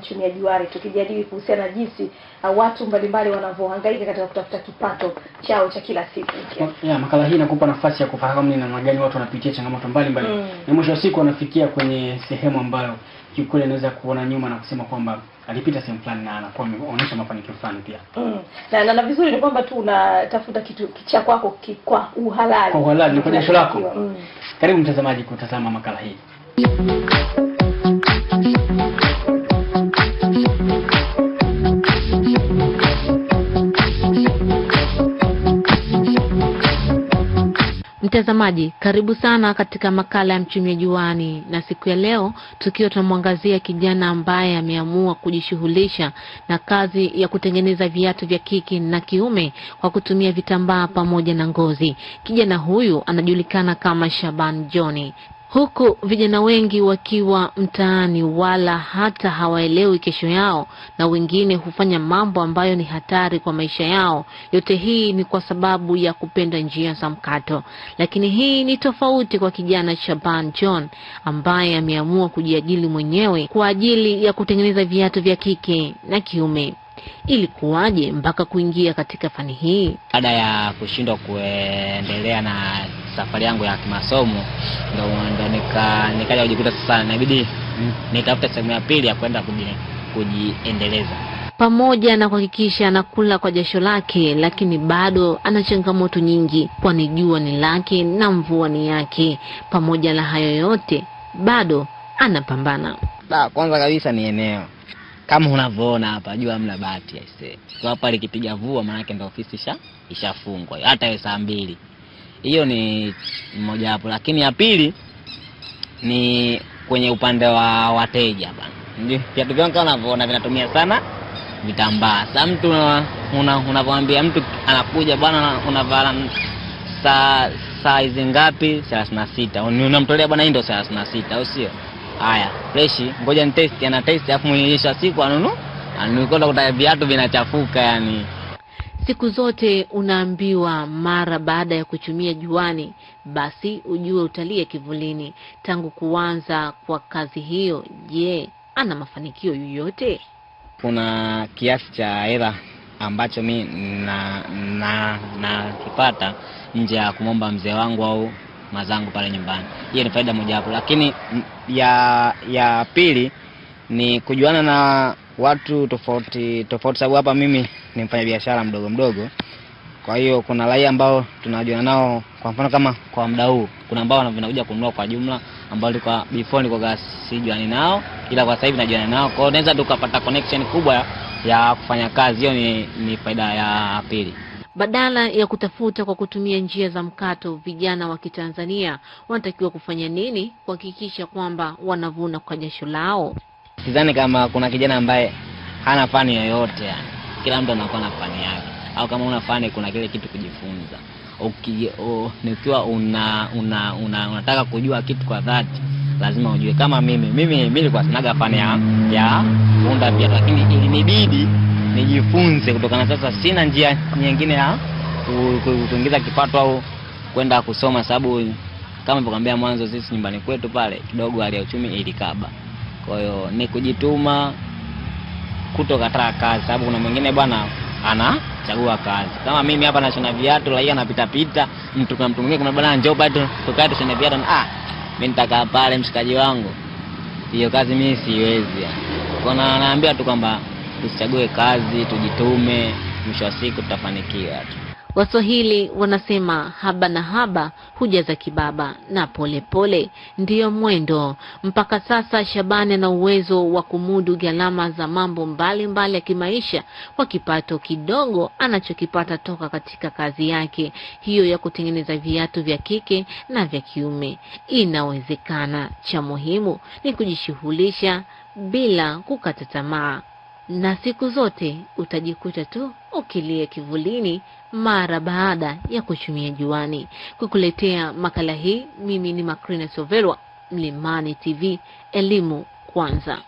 chini ya Juari tukijadili kuhusiana na jinsi uh, watu mbalimbali wanavyohangaika katika kutafuta kipato chao cha kila siku. Yeah, makala hii inakupa nafasi ya kufahamu ni namna gani watu wanapitia changamoto mbalimbali mm. na mwisho wa siku wanafikia kwenye sehemu ambayo kiukweli anaweza kuona nyuma na kusema kwamba alipita sehemu fulani na anakuwa ameonyesha mafanikio fulani pia mm. na, na, na vizuri ni kwamba tu unatafuta kitu cha kwako kwa uhalali, kwa uhalali ni kwa jasho lako mm. Karibu mtazamaji kutazama makala hii Mtazamaji, karibu sana katika makala ya Mchumi Juani, na siku ya leo tukiwa tunamwangazia kijana ambaye ameamua kujishughulisha na kazi ya kutengeneza viatu vya kike na kiume kwa kutumia vitambaa pamoja na ngozi. Kijana huyu anajulikana kama Shaban Johnny huku vijana wengi wakiwa mtaani wala hata hawaelewi kesho yao, na wengine hufanya mambo ambayo ni hatari kwa maisha yao. Yote hii ni kwa sababu ya kupenda njia za mkato, lakini hii ni tofauti kwa kijana Shaban John ambaye ameamua kujiajili mwenyewe kwa ajili ya kutengeneza viatu vya kike na kiume. Ilikuwaje mpaka kuingia katika fani hii? Baada ya kushindwa kuendelea na safari yangu ya kimasomo ndo, ndo nika nikaja kujikuta sasa inabidi mm. sehemu ya pili ya kwenda kujiendeleza pamoja na kuhakikisha anakula kwa jasho lake, lakini bado ana changamoto nyingi, kwani jua ni lake na mvua ni yake. Pamoja na hayo yote, bado anapambana. da, kwanza kabisa ni eneo, kama unavyoona hapa, jua mla bahati hapa likipiga vua, maanake ndo ofisi isha ishafungwa hata saa mbili hiyo ni mmoja wapo, lakini ya pili ni kwenye upande wa wateja bana. Viatu vyangu kama unavyoona vinatumia sana vitambaa. Sasa mtu unavyoambia mtu anakuja bwana, unavaa saa size ngapi? thelathini sita. Unamtolea bwana, hii ndio thelathini sita, au sio? Haya, fresh, ngoja nitesti. Ana testi, alafu mwisho siku anunu anunu, kwenda kuta viatu vinachafuka yani Siku zote unaambiwa mara baada ya kuchumia juani, basi ujue utalia kivulini. Tangu kuanza kwa kazi hiyo, je, ana mafanikio yoyote? Kuna kiasi cha hela ambacho mi nakipata na, na nje ya kumwomba mzee wangu au mazangu pale nyumbani. Hiyo ni faida mojawapo, lakini ya, ya pili ni kujuana na watu tofauti tofauti, sababu hapa mimi ni mfanya biashara mdogo mdogo. Kwa hiyo kuna raia ambao tunajua nao, kwa mfano kama kwa muda huu kuna ambao wanakuja kununua kwa jumla, ambao nilikuwa before nilikuwa sijuani nao, ila kwa sasa hivi najuana nao. Kwa hiyo naweza tukapata connection kubwa ya kufanya kazi. Hiyo ni, ni faida ya pili. Badala ya kutafuta kwa kutumia njia za mkato, vijana wa Kitanzania wanatakiwa kufanya nini kuhakikisha kwamba wanavuna kwa jasho lao? Sidhani kama kuna kijana ambaye hana fani yoyote, yani kila mtu anakuwa na fani yake, au kama una fani, kuna kile kitu kujifunza. Ukiwa una, una, una, unataka kujua kitu kwa dhati lazima ujue. Kama mimi mimi mimi nilikuwa sinaga fani ya ya kuunda pia, lakini ilinibidi nijifunze kutokana. Sasa sina njia nyingine ya kuingiza kipato au kwenda kusoma, sababu kama nilivyokuambia mwanzo, sisi nyumbani kwetu pale kidogo hali ya uchumi ilikaba. Kwa hiyo ni kujituma, kutokataa kazi, sababu kuna mwingine bwana anachagua kazi. Kama mimi hapa nashona viatu, raia anapita pita, mtu kama mtu mwingine, kuna bwana njoo bado tukae tushone viatu, ah, mimi nitakaa pale, mshikaji wangu, hiyo kazi mimi siwezi. Kwa na naambia tu kwamba tusichague kazi, tujitume, mwisho wa siku tutafanikiwa tu. Waswahili wanasema haba na haba huja za kibaba, na polepole pole ndiyo mwendo. Mpaka sasa Shabani ana uwezo wa kumudu gharama za mambo mbalimbali mbali ya kimaisha kwa kipato kidogo anachokipata toka katika kazi yake hiyo ya kutengeneza viatu vya kike na vya kiume. Inawezekana, cha muhimu ni kujishughulisha bila kukata tamaa na siku zote utajikuta tu ukilia kivulini mara baada ya kuchumia juani. Kukuletea makala hii mimi ni Macrina Sovelwa, Mlimani TV, elimu kwanza.